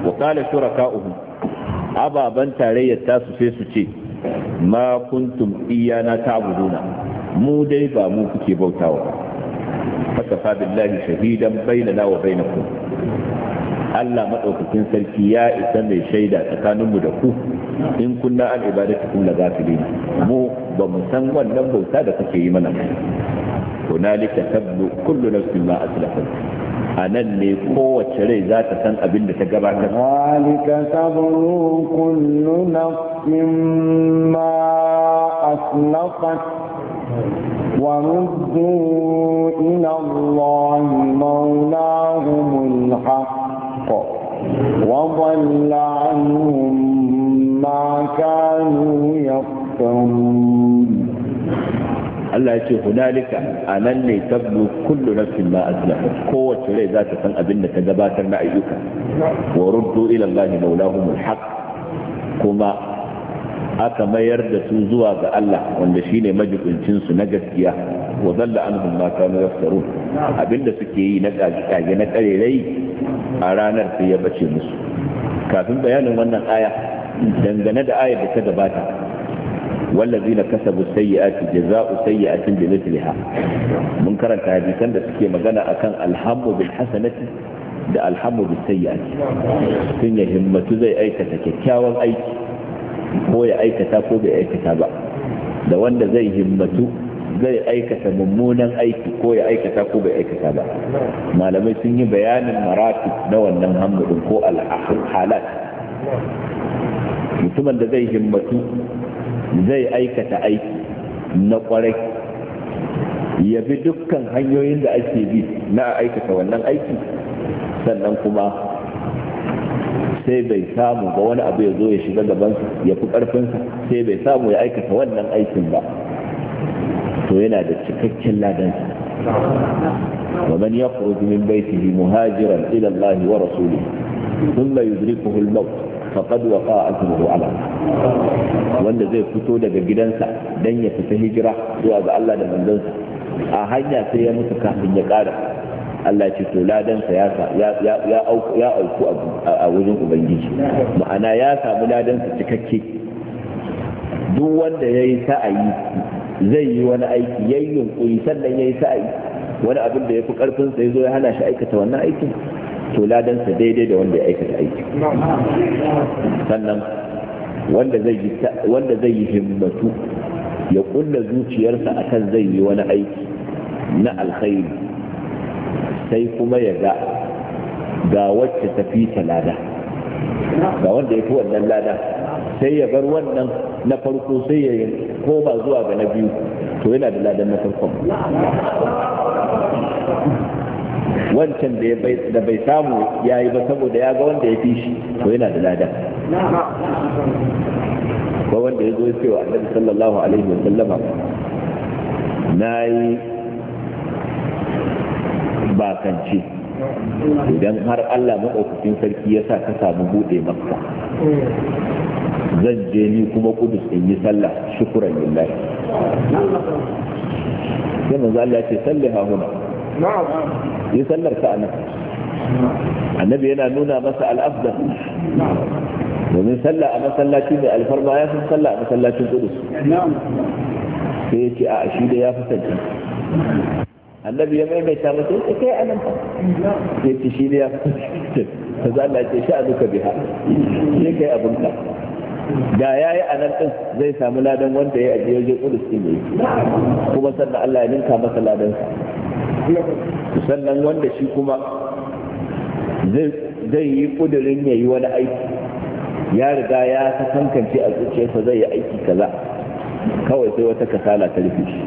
su wa qala shuraka'uhum ababan tarayyar tasu sai su ce ma kuntum iyana ta'buduna mu dai ba mu kuke bautawa ba fa billahi shahidan bainana wa bainakum Allah madaukakin sarki ya isa mai shaida tsakaninmu da ku in kunna an ibadatukum la ghafilin mu ba mu san wannan bauta da kake yi mana ba. nalika tablu kullu nafsin ma aslafat a nan ne kowace rai za ta san abin da ta gabatar zalika tabru kullu nafsin ma aslafat wa ruddu ila Allah maulahumul haqq wa dhalla anhum ma kanu yaftarun Allah ya ce hunalika anan ne tablu kullu nafsin ma aslafat kowace rai za ta san abin da ta gabatar na ayyuka wa ruddu ila Allah maulahumul haqq kuma aka mayar da su zuwa ga Allah wanda shine majibincin su na gaskiya wa dalla anhum ma kanu yaftarun abinda suke yi na kage na karerai a ranar sai ya bace musu kafin bayanin wannan aya dangane da ayar da ta gabata والذين كسبوا السيئات جزاء سيئة بمثلها منكرا كهديثا da suke magana akan alhamu bil hasanati da alhamu bil sayyi'ati sun ya himmatu zai aikata kyakkyawan aiki ko ya aikata ko bai aikata ba da wanda zai himmatu zai aikata mummunan aiki ko ya aikata ko bai aikata ba malamai sun yi bayanin maratib na wannan hamdun ko halat mutumin da zai himmatu zai aikata aiki na kwarai ya bi dukkan hanyoyin da ake bi na aikata wannan aiki sannan kuma sai bai samu ga wani abu ya zo ya shiga gabansa ya fi ƙarfinsa sai bai samu ya aikata wannan aikin ba to yana da cikakken ladansa ومن يخرج من بيته مهاجرا إلى الله ورسوله ثم يدركه الموت faqad waqa ajruhu ala wanda zai fito daga gidansa don ya fita hijira zuwa ga Allah da manzansa a hanya sai ya mutu kafin ya ƙara Allah ce to ladansa ya ya auku a wajen ubangiji ma'ana ya samu ladansa cikakke duk wanda ya yi sa'ayi zai yi wani aiki ya yi yunƙuri sannan ya yi sa'ayi wani abin da ya fi karfin sa ya zo ya hana shi aikata wannan aikin to ladansa daidai da wanda ya aikata aiki sannan wanda zai yi himmatu ya kulla zuciyarsa akan zai yi wani aiki na alkhairi sai kuma ya ga ga wacce tafi ta lada ga wanda ya fi wannan lada sai ya bar wannan na farko sai ya koma zuwa ga na biyu to yana da ladan na farkon wancan da bai samu ya yi ba saboda ya ga wanda ya fi shi to yana da lada ko wanda ya zo ya ce wa annabi sallallahu alaihi wa sallama na yi bakance idan har Allah maɗaukakin sarki ya sa ka samu buɗe makka zan je ni kuma kudus in yi sallah shukuran lillahi sai manzo Allah ya ce huna yi sallar ka anan annabi yana nuna masa al'abdar domin sallah a masallaci mai alfarma ya fi sallah a masallacin kudus sai ya ce a shi da ya fi sanci annabi ya maimaita masa ya kai anan fa sai ce shi da ya fi sanci ta zala ce sha duka biha sai kai abinka da ya yi a nan ɗin zai samu ladan wanda ya ajiye kudus ɗin ne kuma sannan Allah ya ninka masa ladansa sannan wanda shi kuma zai yi kudirin ya yi wani aiki ya riga ya ta kankance a zuciyarsa zai yi aiki kaza kawai sai wata kasala ta rufe shi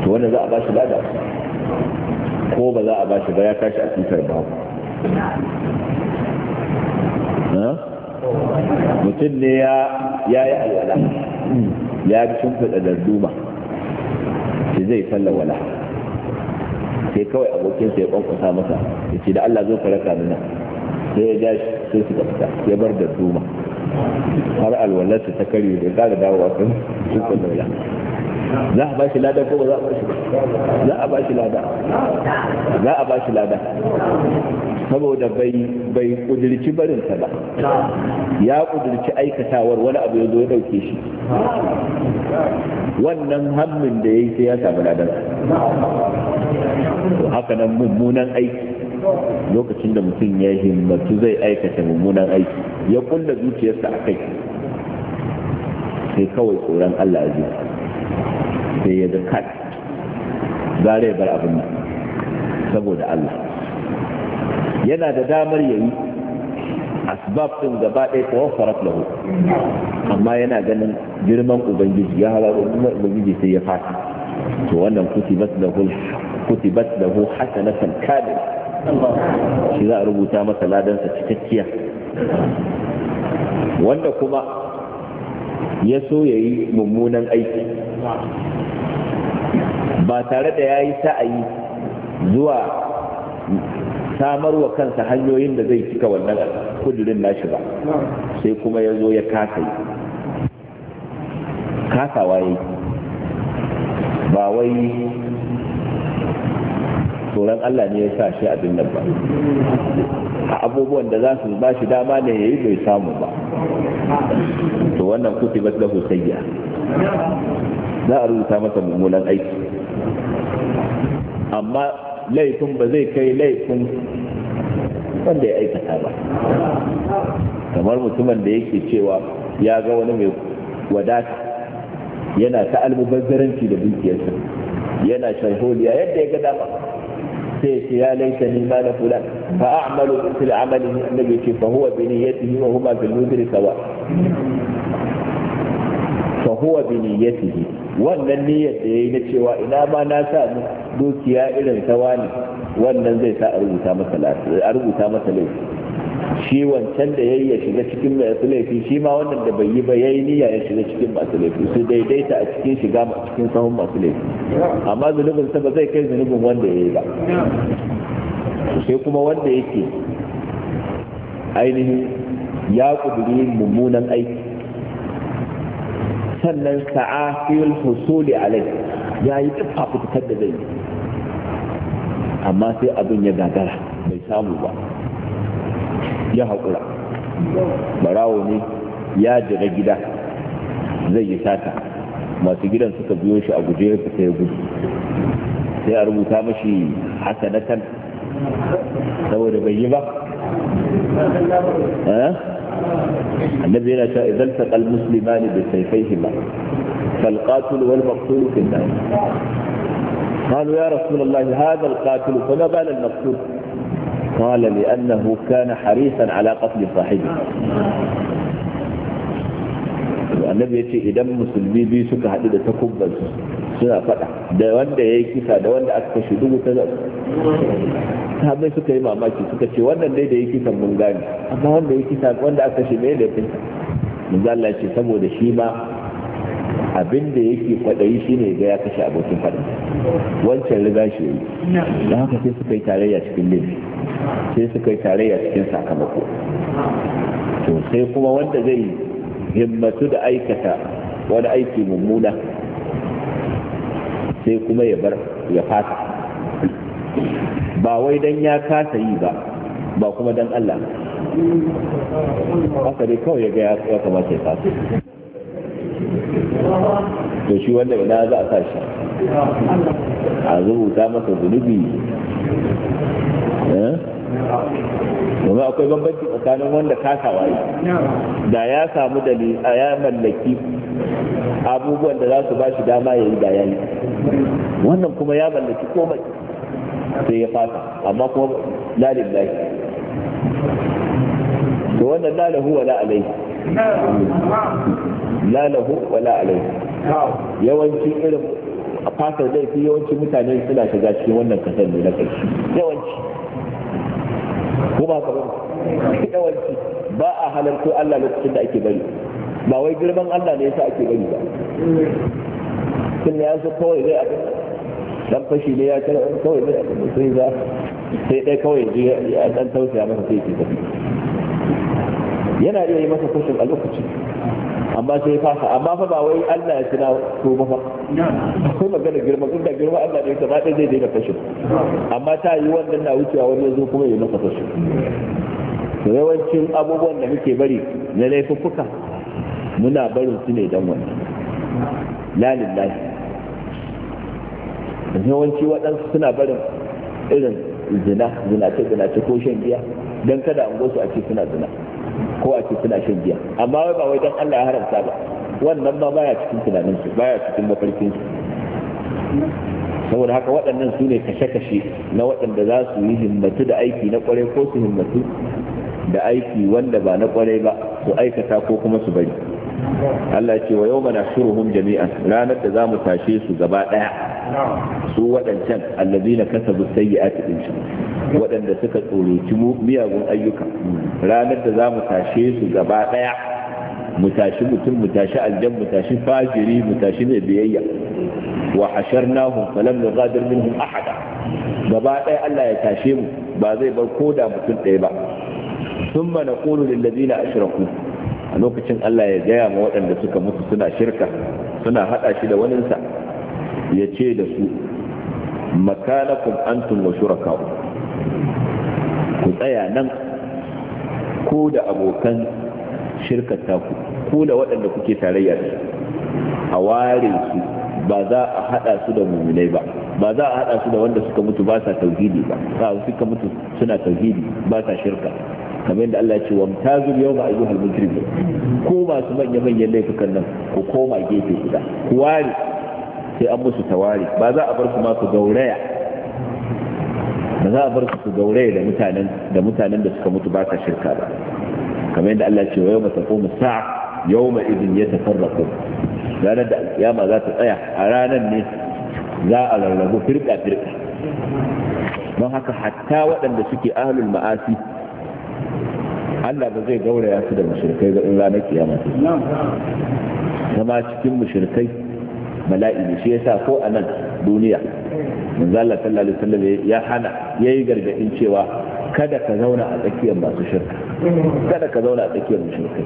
to wanda za a ba shi lada ko ba za a ba shi ba ya tashi a cutar babu mutum ne ya yi alwala ya bi shimfiɗa darduma ce zai sallar wala sai kawai abokin ya kwankwasa masa ya ce da Allah zo ka raka nuna sai ya ja shi sai suka fita ya bar da duma har alwalarsa ta karye da ƙara dawowa kan dukkan wala za a ba shi lada ko ba za ba za a ba shi lada za a ba shi lada saboda bai bai barinsa ba ya kudirci aikatawar wani abu ya zo dauke shi wannan hammin da ya yi sai ya samu ladar haka nan mummunan aiki lokacin da mutum ya himmatu zai aikata mummunan aiki ya kulla zuciyarsa a kai sai kawai tsoron Allah ya sai ya da kat zare bar abin nan saboda Allah yana da damar yayi asbab din gaba ɗaya tawaffarat lahu amma yana ganin girman ubangiji ya halar ubangiji sai ya fata to wannan kutibat lahu kutibat lahu hasanatan shi za rubuta masa ladansa cikakkiya wanda kuma ya so yayi mummunan aiki ba tare da yayi yi sa'ayi zuwa samar wa kansa hanyoyin da zai cika wannan kudurin nashi ba sai kuma ya zo ya kasa yi kasawa yi ba wai tsoron Allah ne ya sa shi abin nan ba a abubuwan da za su ba shi dama ne ya yi bai samu ba to wannan kuti ba lahu sayya za a rubuta masa mummunan aiki amma laifin ba zai kai laifin wanda ya aikata ba kamar mutumin da yake cewa ya ga wani mai wadata yana ta almubazzaranci da dukiyarsa yana sharholiya yadda ya ga dama sai ce ya laita ni ma na fulan fa a'malu fil amali annabi ce fa huwa bi niyyatihi wa huma fil mudri sawa fa huwa bi niyyatihi wannan niyyar da yayi na cewa ina ma na sa dukiya irin ta wani wannan zai sa a rubuta masa laifi a rubuta masa laifi shi wancan da yayi ya shiga cikin masu laifi shi ma wannan da bai yi ba yayi niyya ya shiga cikin masu laifi su daidaita a cikin shiga cikin sahun masu laifi amma zunubin sa ba zai kai zunubin wanda yayi ba sai kuma wanda yake ainihin ya kuduri mummunan aiki sannan sa'a fil husuli alai ya yi duk fitar da zai amma sai abin ya gagara bai samu ba ya haƙura barawo ne ya jira gida zai yi sata masu gidan suka biyo shi a guje ya sai gudu sai a rubuta mashi hasanatan saboda bai yi ba eh? النبي لا اذا التقى المسلمان بسيفيهما فالقاتل والمقتول في النار قالوا يا رسول الله هذا القاتل فما بال المقتول قال لانه كان حريصا على قتل صاحبه النبي يقول إذا مسلمي بي سكا حديدة تكبل suna faɗa da wanda ya yi kisa da wanda aka kashe dubu ta zaɓa sahabai suka yi mamaki suka ce wannan dai da ya kisan mun gane amma wanda ya yi kisa wanda aka kashe mai laifinsa mun zalla ce saboda shi ma abin da yake kwaɗayi shi ne ga ya kashe abokin faɗin wancan riga shi yi da haka sai suka yi tarayya cikin laifi sai suka yi tarayya cikin sakamako to sai kuma wanda zai himmatu da aikata wani aiki mummuna sai kuma ya bar ya fasa ba wai dan ya kasa yi ba ba kuma dan Allah haka dai kawai ya ga ya kamata ya fasa to shi wanda ina za a sashi a rubuta masa zunubi eh? domin akwai bambanci tsakanin wanda kasawa yi da ya samu dalil a ya mallaki abubuwan da za su ba shi dama ya yi da ya wannan kuma ya mallaki komai sai ya fasa amma kuma lalin lahi to wannan lalahu wala alai lalahu wala alai yawancin irin a fasar laifi yawanci mutane suna shiga cikin wannan kasar ne na kai. yawanci ko ba ka bari yawanci ba a halarto Allah lokacin da ake bari ba wai girman Allah ne yasa ake bari ba sun ya so kawai zai abin dan fashi ne ya tara kawai zai abin sai za sai dai kawai ya dan tausaya masa sai ke tafi yana iya yi masa kushin a lokacin amma sai fasa amma fa ba wai Allah ya kira to ba fa akwai magana girma duk da girma Allah ne gaba da zai daina fashin amma ta yi wannan na wucewa wani ya zo kuma ya masa fashin yawancin abubuwan da muke bari na laifuffuka muna barin su ne dan wannan lalillahi yawanci waɗansu suna barin irin zina zinace zinace ko shan giya don kada an gosu a ce suna zina ko a ce suna shan giya amma wai ba wai dan Allah ya haramta ba wannan ma baya cikin tunanin su baya cikin mafarkin su saboda haka waɗannan su ne kashe-kashe na waɗanda za su yi himmatu da aiki na kwarai ko su himmatu da aiki wanda ba na kwarai ba su aikata ko kuma su bari Allah ce wa yau mana shuruhum jami'a. ranar da za mu tashe su gaba ɗaya su waɗancan allazi na kasa busayi a cikin shi waɗanda suka tsoroci miyagun ayyuka ranar da za mu tashe su gaba ɗaya mu tashi mutum mu tashi aljan mu tashi fajiri mu tashi mai biyayya wa hasharnahum falam nughadir minhum ahada gaba ɗaya Allah ya tashe mu ba zai bar koda mutum ɗaya ba da نقول للذين أشركوا lokacin Allah ya gaya ma waɗanda suka mutu suna shirka suna haɗa shi da waninsa ya ce da su makanakun antum wa shuraka'u ku tsaya nan ko da abokan shirkar taku ko da waɗanda kuke tarayya da a ware su ba za a haɗa su da mummunai ba ba za a haɗa su da wanda suka mutu ba sa tauhidi ba ba suka mutu suna tauhidi ba sa shirka kamar yadda Allah ya ce wamtazu yawma ayyuhal mujrimun ko masu manya manyan laifukan nan ko koma gefe guda ku ware sai an musu tawari ba za a bar su ma ku gauraya ba za a bar su ku gauraya da mutanen da mutanen da suka mutu ba ka shirka ba kamar yadda Allah ya ce wa yawma taqumu sa'a yawma idin yatafarraqu ranar da alkiyama za ta tsaya a ranar ne za a rarrabu firka firka don haka hatta waɗanda suke ahlul ma'asi Allah ba zai gauraya su da mushrikai ga na kiyama zama cikin mushrikai bala'i ne shi sa ko a nan duniya manzo Allah sallallahu alaihi wasallam ya hana yayi gargadin cewa kada ka zauna a tsakiyar masu shirka kada ka zauna a tsakiyar mushrikai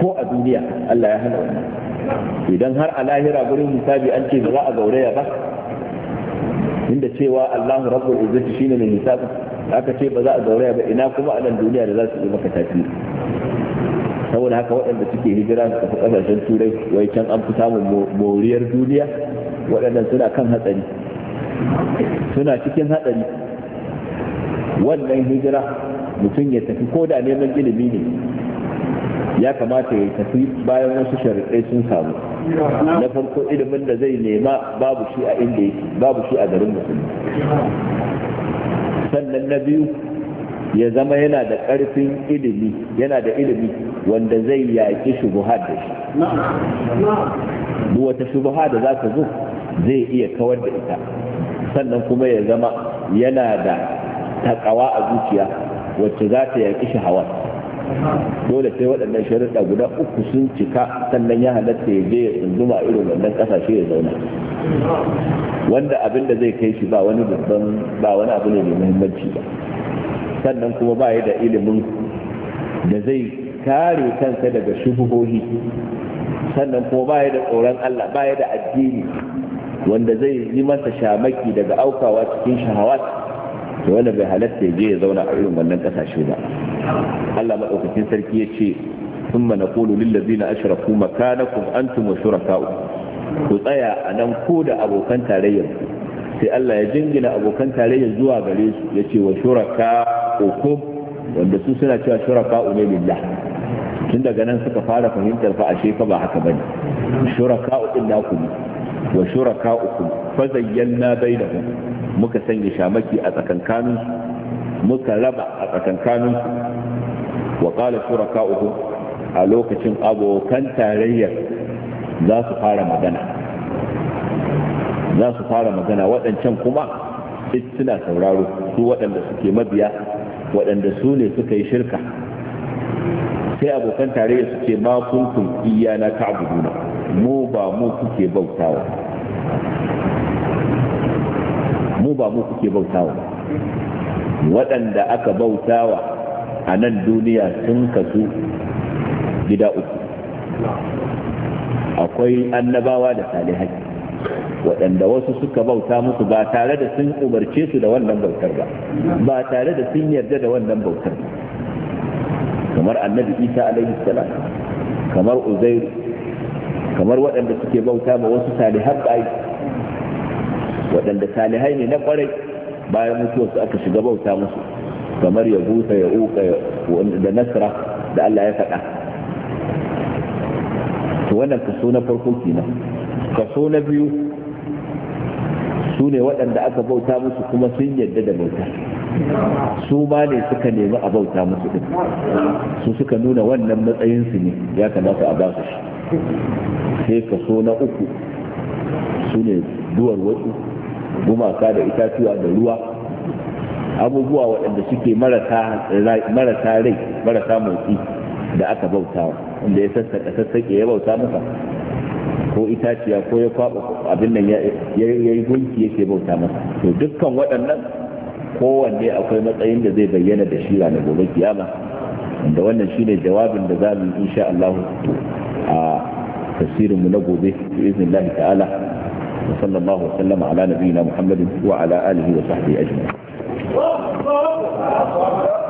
ko a duniya Allah ya hana wannan idan har a lahira gurin hisabi an ce ba za a gauraya ba inda cewa Allahu rabbul izzati shine mai hisabi aka ce ba za a gauraya ba ina kuma a nan duniya da za su yi maka tasiri saboda haka waɗanda suke hijira su tafi ƙasashen turai wai can an fi samun moriyar duniya waɗannan suna kan hatsari suna cikin hatsari wannan hijira mutum ya tafi ko da neman ilimi ne ya kamata ya tafi bayan wasu sharaɗai sun samu na farko ilimin da zai nema babu shi a inda babu shi a garin musulmi sannan na biyu ya zama yana da ƙarfin ilimi yana da ilimi wanda zai yaƙi shubuhar da shi duk wata shubuha da za ka zo zai iya kawar da ita sannan kuma ya zama yana da takawa a zuciya wacce za ta yaƙi shahawar dole sai waɗannan sharuɗa guda uku sun cika sannan ya halatta ya je ya tsunduma irin wannan ƙasashe ya zauna wanda abin da zai kai shi ba wani babban ba wani abu ne mai muhimmanci ba sannan kuma ba ya da ilimin da zai kare kansa daga shubuhohi sannan kuma ba ya da tsoron Allah ba ya da addini wanda zai yi masa shamaki daga aukawa cikin shahawat to wanda bai halatta ya je ya zauna a irin wannan kasashe ba Allah maɗaukakin sarki ya ce ثم نقول للذين أشركوا مكانكم أنتم وشركاؤكم ku tsaya a nan ko da abokan tarayyar sai Allah ya jingina abokan tarayyar zuwa gare su ya ce wa shuraka uku wanda su suna cewa shuraka ne billah tun daga nan suka fara fahimtar fa ashe fa ba haka ba bane shuraka uku na ku wa shuraka uku fa zayyana bainahum muka sanya shamaki a tsakankanin muka raba a tsakankanin wa qala shuraka uku a lokacin abokan tarayyar za su fara magana za su fara magana waɗancan kuma suna sauraro su waɗanda suke mabiya waɗanda su ne suka yi shirka sai abokan tarayya su ce ma kuntum iyana ta'buduna mu ba mu kuke bautawa mu ba mu kuke bautawa waɗanda aka bautawa a nan duniya sun kasu gida uku akwai annabawa da salihai waɗanda wasu suka bauta musu ba tare da sun umarce su da wannan bautar ba ba tare da sun yarda da wannan bautar kamar annabi isa alaihi salam kamar uzairu kamar waɗanda suke bauta ma wasu salihan bayi waɗanda salihai ne na ƙwarai bayan mutuwarsu aka shiga bauta musu kamar ya busa ya uka da nasara da allah ya faɗa wannan kaso na farko kenan kaso na biyu su ne waɗanda aka bauta musu kuma sun yadda da bauta su ma ne suka nemi a bauta musu ɗin su suka nuna wannan matsayinsu ne ya kamata a ba shi sai kaso na uku su ne duwar wasu gumaka da itatuwa da ruwa abubuwa waɗanda suke marasa rai marasa motsi da aka bautawa inda ya sassaka sassake ya bauta masa ko itaciya ko ya kwaba abin nan ya yi gunki yake bauta masa to dukkan waɗannan kowanne akwai matsayin da zai bayyana da shi ranar gobe kiyama da wannan shine jawabin da za mu yi insha Allah a tasirinmu na gobe bi ta'ala wa sallallahu wa sallama ala nabiyina Muhammadin wa ala alihi wa sahbihi ajma'in